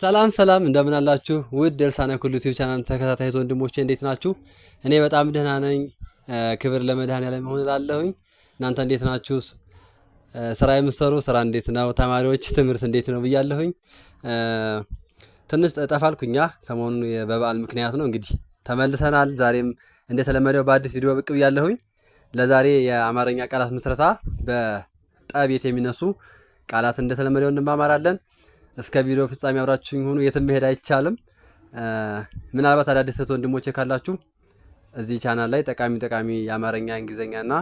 ሰላም ሰላም እንደምን አላችሁ? ውድ የልሳነ ኩሉ ዩቲዩብ ቻናል ተከታታይ ወንድሞቼ እንዴት ናችሁ? እኔ በጣም ደህና ነኝ። ክብር ለመድኃኔዓለም ይሁን እላለሁኝ። እናንተ እንዴት ናችሁ? ስራ የምትሰሩ ስራ እንዴት ነው? ተማሪዎች ትምህርት እንዴት ነው ብያለሁኝ። ትንሽ ጠፋልኩኛ ሰሞኑ በበዓል ምክንያት ነው እንግዲህ ተመልሰናል። ዛሬም እንደተለመደው በአዲስ ቪዲዮ ብቅ ብያለሁኝ። ለዛሬ የአማርኛ ቃላት ምስረታ በጠቤት የሚነሱ ቃላት እንደተለመደው እንማማራለን። እስከ ቪዲዮ ፍጻሜ አብራችሁኝ ሆኑ። የትም መሄድ አይቻልም። ምናልባት አዳዲስ እህት ወንድሞቼ ካላችሁ እዚህ ቻናል ላይ ጠቃሚ ጠቃሚ የአማርኛ እንግሊዝኛና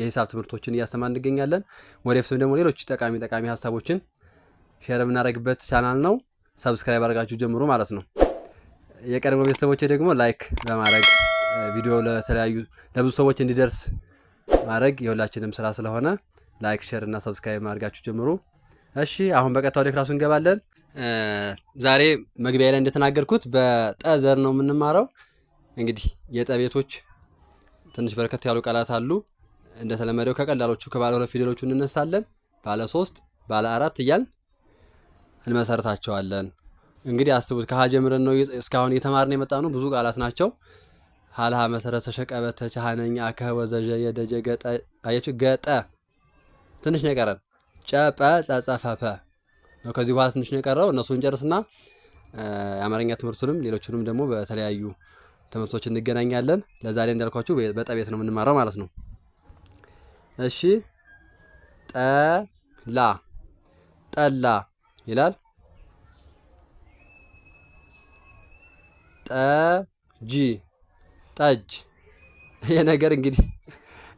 የሂሳብ ትምህርቶችን እያሰማን እንገኛለን። ወደፊትም ደግሞ ሌሎች ጠቃሚ ጠቃሚ ሀሳቦችን ሼር የምናደርግበት ቻናል ነው። ሰብስክራይብ አድርጋችሁ ጀምሩ ማለት ነው። የቀድሞ ቤተሰቦቼ ደግሞ ላይክ በማድረግ ቪዲዮ ለተለያዩ ለብዙ ሰዎች እንዲደርስ ማድረግ የሁላችንም ስራ ስለሆነ ላይክ፣ ሼር እና ሰብስክራይብ ማድረጋችሁ ጀምሩ። እሺ አሁን በቀጥታ ወደ ክላሱ እንገባለን። ዛሬ መግቢያ ላይ እንደተናገርኩት በጠ ዘር ነው የምንማረው። እንግዲህ የጠ ቤቶች ትንሽ በርከት ያሉ ቃላት አሉ። እንደተለመደው ከቀላሎቹ ከባለ ሁለት ፊደሎቹ እንነሳለን። ባለ ሶስት፣ ባለ አራት እያልን እንመሰርታቸዋለን። እንግዲህ አስቡት ከሀ ጀምረን ነው እስካሁን እየተማርን የመጣ ነው። ብዙ ቃላት ናቸው። ሀልሃ መሰረት ሸቀበተ ቻሃነኛ አከ ወዘዠ የደጀ ገጠ አያችሁ፣ ገጠ ትንሽ ነው የቀረን ጨጰ ጸጸፈፈ ነው። ከዚህ በኋላ ትንሽ ነው የቀረው። እነሱን ጨርስና የአማርኛ ትምህርቱንም ሌሎቹንም ደግሞ በተለያዩ ትምህርቶች እንገናኛለን። ለዛሬ እንዳልኳችሁ በጠቤት ነው የምንማረው ማለት ነው። እሺ ጠላ ጠላ ይላል። ጠጂ ጠጅ ይሄ ነገር እንግዲህ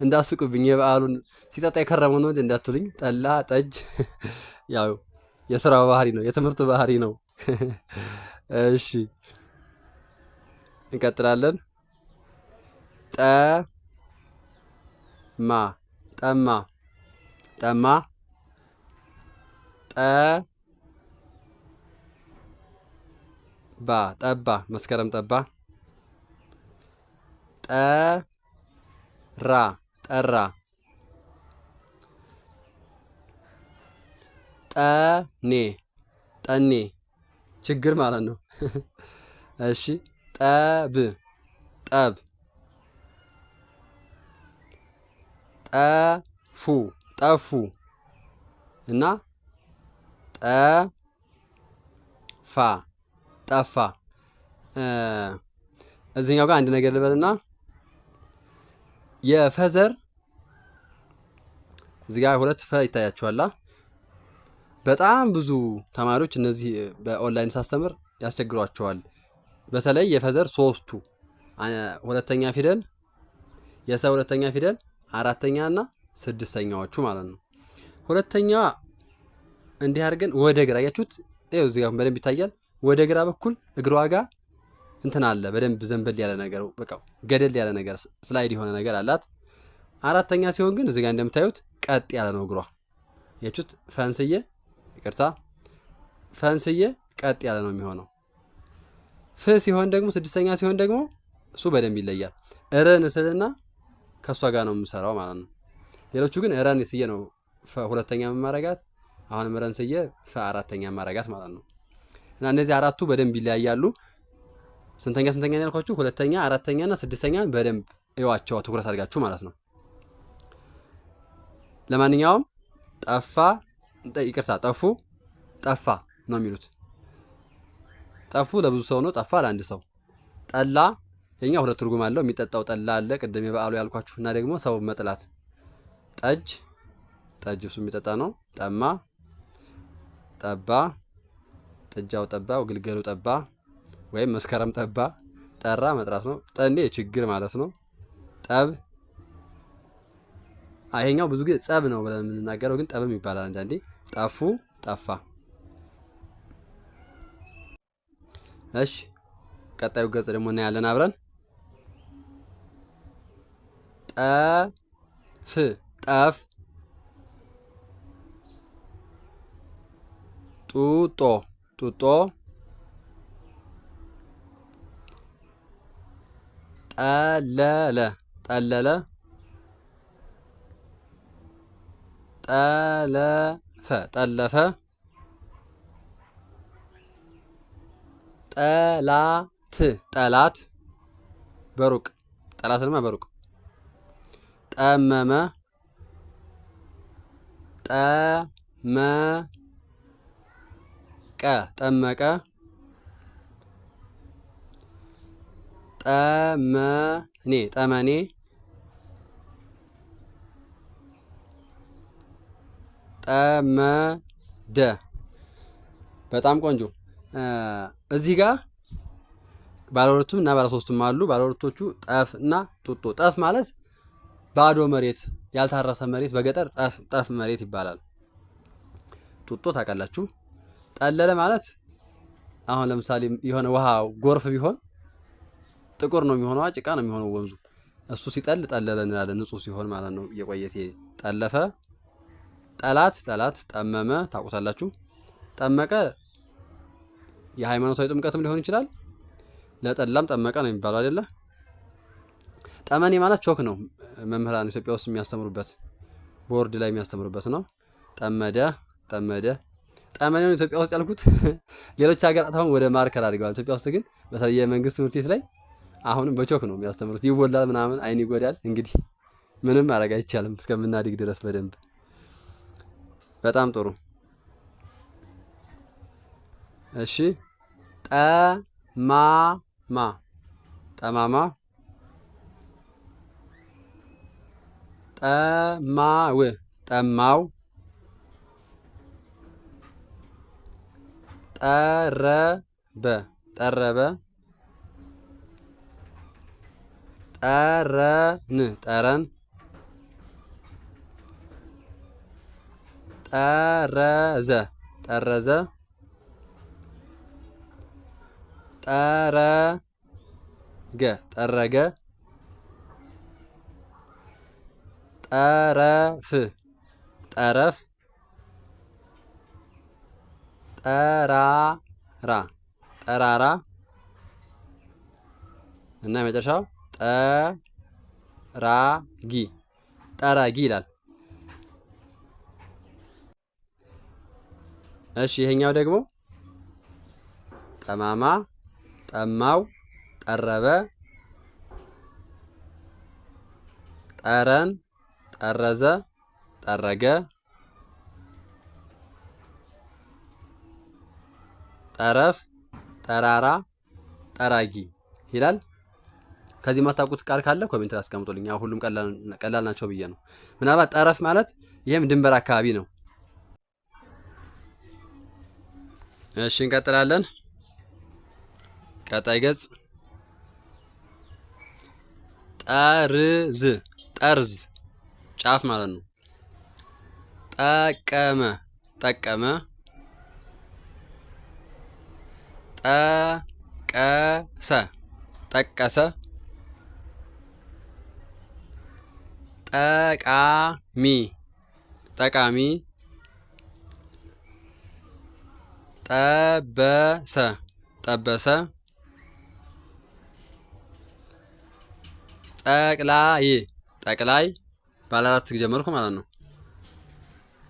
እንዳስቁብኝ የበዓሉን ሲጠጣ የከረመ ነው እንዳትሉኝ። ጠላ ጠጅ ያው የስራ ባህሪ ነው፣ የትምህርቱ ባህሪ ነው። እሺ እንቀጥላለን። ጠማ ጠማ ጠማ ጠባ ጠባ መስከረም ጠባ ጠራ ጠራ ጠኔ ጠኔ ችግር ማለት ነው። እሺ ጠብ ጠብ ጠፉ ጠፉ እና ጠፋ ጠፋ። እዚህኛው ጋር አንድ ነገር ልበልና የፈዘር እዚጋ ሁለት ፈ ይታያችኋላ። በጣም ብዙ ተማሪዎች እነዚህ በኦንላይን ሳስተምር ያስቸግሯቸዋል። በተለይ የፈዘር ሶስቱ ሁለተኛ ፊደል የሰ ሁለተኛ ፊደል አራተኛ እና ስድስተኛዎቹ ማለት ነው። ሁለተኛ እንዲህ አድርገን ወደ ግራ ያችሁት ይኸው እዚህ ጋር በደንብ ይታያል። ወደ ግራ በኩል እግሯ ጋር እንትን አለ በደንብ ዘንበል ያለ ነገር በቃ ገደል ያለ ነገር ስላይድ የሆነ ነገር አላት። አራተኛ ሲሆን ግን እዚህ ጋር እንደምታዩት ቀጥ ያለ ነው እግሯ። የቹት ፈንስዬ ይቅርታ፣ ፈንስዬ ቀጥ ያለ ነው የሚሆነው። ፍ ሲሆን ደግሞ ስድስተኛ ሲሆን ደግሞ እሱ በደንብ ይለያል። ረን ስልና ከእሷ ጋር ነው የምሰራው ማለት ነው። ሌሎቹ ግን ረን ስዬ ነው ሁለተኛ ማረጋት፣ አሁንም ረን ስዬ አራተኛ ማረጋት ማለት ነው። እና እነዚህ አራቱ በደንብ ይለያያሉ። ስንተኛ ስንተኛ ያልኳችሁ ሁለተኛ፣ አራተኛ እና ስድስተኛ በደንብ እዩዋቸው፣ ትኩረት አድርጋችሁ ማለት ነው። ለማንኛውም ጠፋ፣ ይቅርታ ጠፉ፣ ጠፋ ነው የሚሉት። ጠፉ ለብዙ ሰው ነው፣ ጠፋ ለአንድ ሰው። ጠላ የኛ ሁለት ትርጉም አለው። የሚጠጣው ጠላ አለ፣ ቅድም የበዓሉ ያልኳችሁ እና ደግሞ ሰው መጥላት። ጠጅ ጠጅ እሱ የሚጠጣ ነው። ጠማ፣ ጠባ፣ ጥጃው ጠባ፣ ግልገሉ ጠባ፣ ወይም መስከረም ጠባ። ጠራ መጥራት ነው። ጠኔ ችግር ማለት ነው። ጠብ ይሄኛው ብዙ ጊዜ ጸብ ነው ብለን የምንናገረው ግን ጠብም ይባላል አንዳንዴ። ጠፉ፣ ጠፋ። እሺ ቀጣዩ ገጽ ደግሞ እናያለን አብረን። ጠፍ፣ ጠፍ። ጡጦ፣ ጡጦ። ጠለለ፣ ጠለለ ጠለፈ ጠለፈ ጠላት ጠላት በሩቅ ጠላትንማ በሩቅ ጠመመ ጠመቀ ጠመቀ ጠመኔ ጠመኔ ጠመደ። በጣም ቆንጆ። እዚህ ጋር ባለሁለቱም እና ባለሶስቱም አሉ። ባለሁለቶቹ ጠፍ እና ጡጦ። ጠፍ ማለት ባዶ መሬት፣ ያልታረሰ መሬት በገጠር ጠፍ መሬት ይባላል። ጡጦ ታውቃላችሁ። ጠለለ ማለት አሁን ለምሳሌ የሆነ ውሃ ጎርፍ ቢሆን ጥቁር ነው የሚሆነው፣ ጭቃ ነው የሚሆነው ወንዙ። እሱ ሲጠል ጠለለ እንላለን፣ ንጹህ ሲሆን ማለት ነው። እየቆየ ጠለፈ ጠላት ጠላት ጠመመ ታውቁታላችሁ። ጠመቀ የሃይማኖታዊ ጥምቀትም ሊሆን ይችላል። ለጠላም ጠመቀ ነው የሚባለው አይደለ? ጠመኔ ማለት ቾክ ነው። መምህራን ኢትዮጵያ ውስጥ የሚያስተምሩበት ቦርድ ላይ የሚያስተምሩበት ነው። ጠመደ ጠመደ ጠመኔውን ኢትዮጵያ ውስጥ ያልኩት ሌሎች ሀገራት አሁን ወደ ማርከር አድርገዋል። ኢትዮጵያ ውስጥ ግን በተለይ የመንግስት ትምህርት ቤት ላይ አሁንም በቾክ ነው የሚያስተምሩት። ይወላል ምናምን አይን ይጎዳል። እንግዲህ ምንም ማድረግ አይቻልም እስከምናድግ ድረስ በደንብ በጣም ጥሩ። እሺ ጠማማ ጠማማ ጠማው ጠማው ጠረበ ጠረበ ጠረን ጠረን ጠረዘ ጠረዘ ጠረገ ጠረገ ጠረፍ ጠረፍ ጠራራ ጠራራ እና የመጨረሻው ጠራጊ ጠራጊ ይላል። እሺ ይሄኛው ደግሞ ጠማማ፣ ጠማው፣ ጠረበ፣ ጠረን፣ ጠረዘ፣ ጠረገ፣ ጠረፍ፣ ጠራራ፣ ጠራጊ ይላል። ከዚህ የማታውቁት ቃል ካለ ኮሜንት አስቀምጡልኝ። ሁሉም ቀላል ናቸው ብዬ ነው። ምናልባት ጠረፍ ማለት ይህም ድንበር አካባቢ ነው። እሺ እንቀጥላለን። ቀጣይ ገጽ ጠርዝ ጠርዝ ጫፍ ማለት ነው። ጠቀመ ጠቀመ ጠቀሰ ጠቀሰ ጠቃሚ ጠቃሚ ጠበሰ ጠበሰ ጠቅላይ ጠቅላይ ባለ አራት ጀመርኩ ማለት ነው።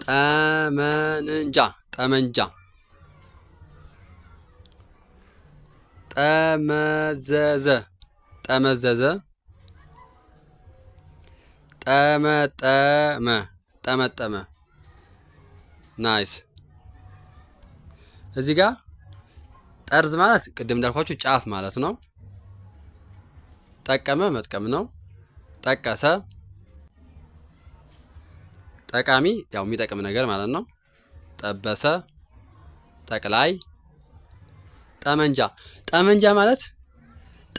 ጠመንጃ ጠመንጃ ጠመዘዘ ጠመዘዘ ጠመጠመ ጠመጠመ ናይስ እዚህ ጋር ጠርዝ ማለት ቅድም እንዳልኳችሁ ጫፍ ማለት ነው። ጠቀመ መጥቀም ነው። ጠቀሰ ጠቃሚ፣ ያው የሚጠቅም ነገር ማለት ነው። ጠበሰ ጠቅላይ። ጠመንጃ ጠመንጃ ማለት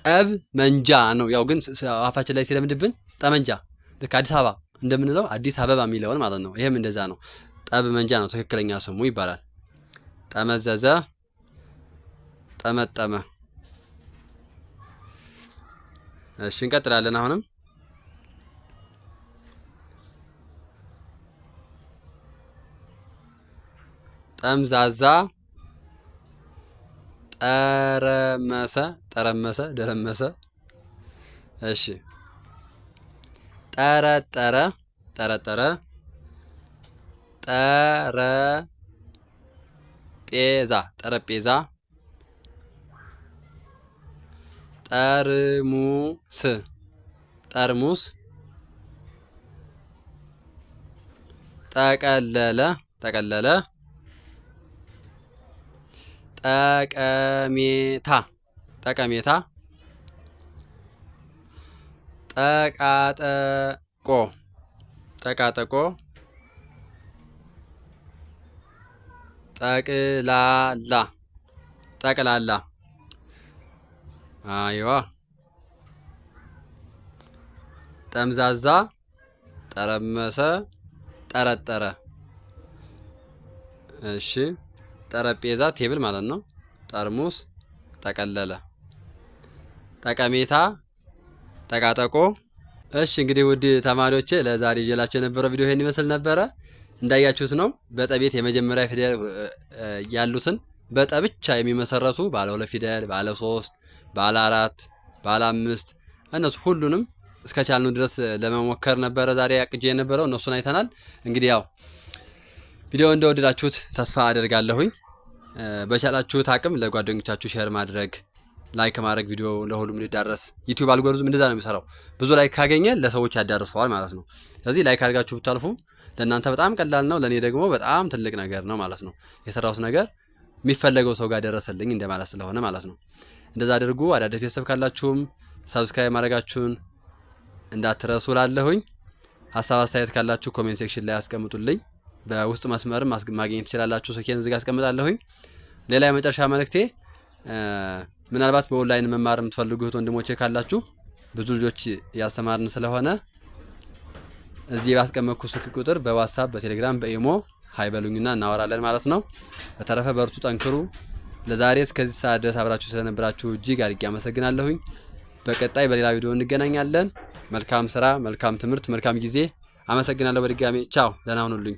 ጠብ መንጃ ነው። ያው ግን አፋችን ላይ ሲለምድብን ጠመንጃ ልክ አዲስ አበባ እንደምንለው አዲስ አበባ የሚለውን ማለት ነው። ይህም እንደዛ ነው። ጠብ መንጃ ነው ትክክለኛ ስሙ ይባላል። ጠመዘዘ፣ ጠመጠመ። እሺ እንቀጥላለን። አሁንም ጠምዛዛ፣ ጠረመሰ፣ ጠረመሰ፣ ደረመሰ። እሺ ጠረጠረ፣ ጠረጠረ፣ ጠረ ጠረጴዛ ጠረጴዛ ጠርሙስ ጠርሙስ ጠቀለለ ጠቀለለ ጠቀሜታ ጠቀሜታ ጠቃጠቆ ጠቃጠቆ ጠቅላላ ጠቅላላ አይዋ ጠምዛዛ ጠረመሰ ጠረጠረ እሺ ጠረጴዛ ቴብል ማለት ነው። ጠርሙስ ጠቀለለ። ጠቀሜታ ጠቃጠቆ። እሺ እንግዲህ ውድ ተማሪዎቼ ለዛሬ ይዤላችሁ የነበረው ቪዲዮ ይሄን ይመስል ነበረ። እንዳያችሁት ነው በጠቤት የመጀመሪያ ፊደል ያሉትን በጠ ብቻ የሚመሰረቱ ባለ ሁለት ፊደል፣ ባለ ሶስት፣ ባለ አራት፣ ባለ አምስት እነሱ ሁሉንም እስከቻልኑ ድረስ ለመሞከር ነበረ ዛሬ አቅጄ የነበረው እነሱን አይተናል። እንግዲህ ያው ቪዲዮ እንደወደዳችሁት ተስፋ አደርጋለሁኝ። በቻላችሁት አቅም ለጓደኞቻችሁ ሼር ማድረግ ላይክ ማድረግ ቪዲዮ ለሁሉም እንዲዳረስ ዩቲዩብ አልጎሪዝም እንደዛ ነው የሚሰራው። ብዙ ላይክ ካገኘ ለሰዎች ያዳርሰዋል ማለት ነው። ስለዚህ ላይክ አድርጋችሁ ብታልፉ ለእናንተ በጣም ቀላል ነው፣ ለእኔ ደግሞ በጣም ትልቅ ነገር ነው ማለት ነው። የሰራሁት ነገር የሚፈለገው ሰው ጋር ደረሰልኝ እንደማለት ስለሆነ ማለት ነው። እንደዛ አድርጉ። አዳዲስ ቤተሰብ ካላችሁም ሰብስክራይብ ማድረጋችሁን እንዳትረሱ ላለሁኝ። ሀሳብ አስተያየት ካላችሁ ኮሜንት ሴክሽን ላይ አስቀምጡልኝ። በውስጥ መስመርም ማግኘት ትችላላችሁ። ስልኬን እዚህ አስቀምጣለሁኝ። ሌላ የመጨረሻ መልእክቴ ምናልባት በኦንላይን መማር የምትፈልጉት ወንድሞቼ ካላችሁ ብዙ ልጆች ያስተማርን ስለሆነ እዚህ ባስቀመጥኩ ስልክ ቁጥር በዋትሳፕ በቴሌግራም በኢሞ ሀይበሉኝና እናወራለን ማለት ነው። በተረፈ በርቱ፣ ጠንክሩ። ለዛሬ እስከዚህ ሰዓት ድረስ አብራችሁ ስለነበራችሁ እጅግ አድርጌ አመሰግናለሁኝ። በቀጣይ በሌላ ቪዲዮ እንገናኛለን። መልካም ስራ፣ መልካም ትምህርት፣ መልካም ጊዜ። አመሰግናለሁ በድጋሜ ቻው። ደህና ሁኑልኝ።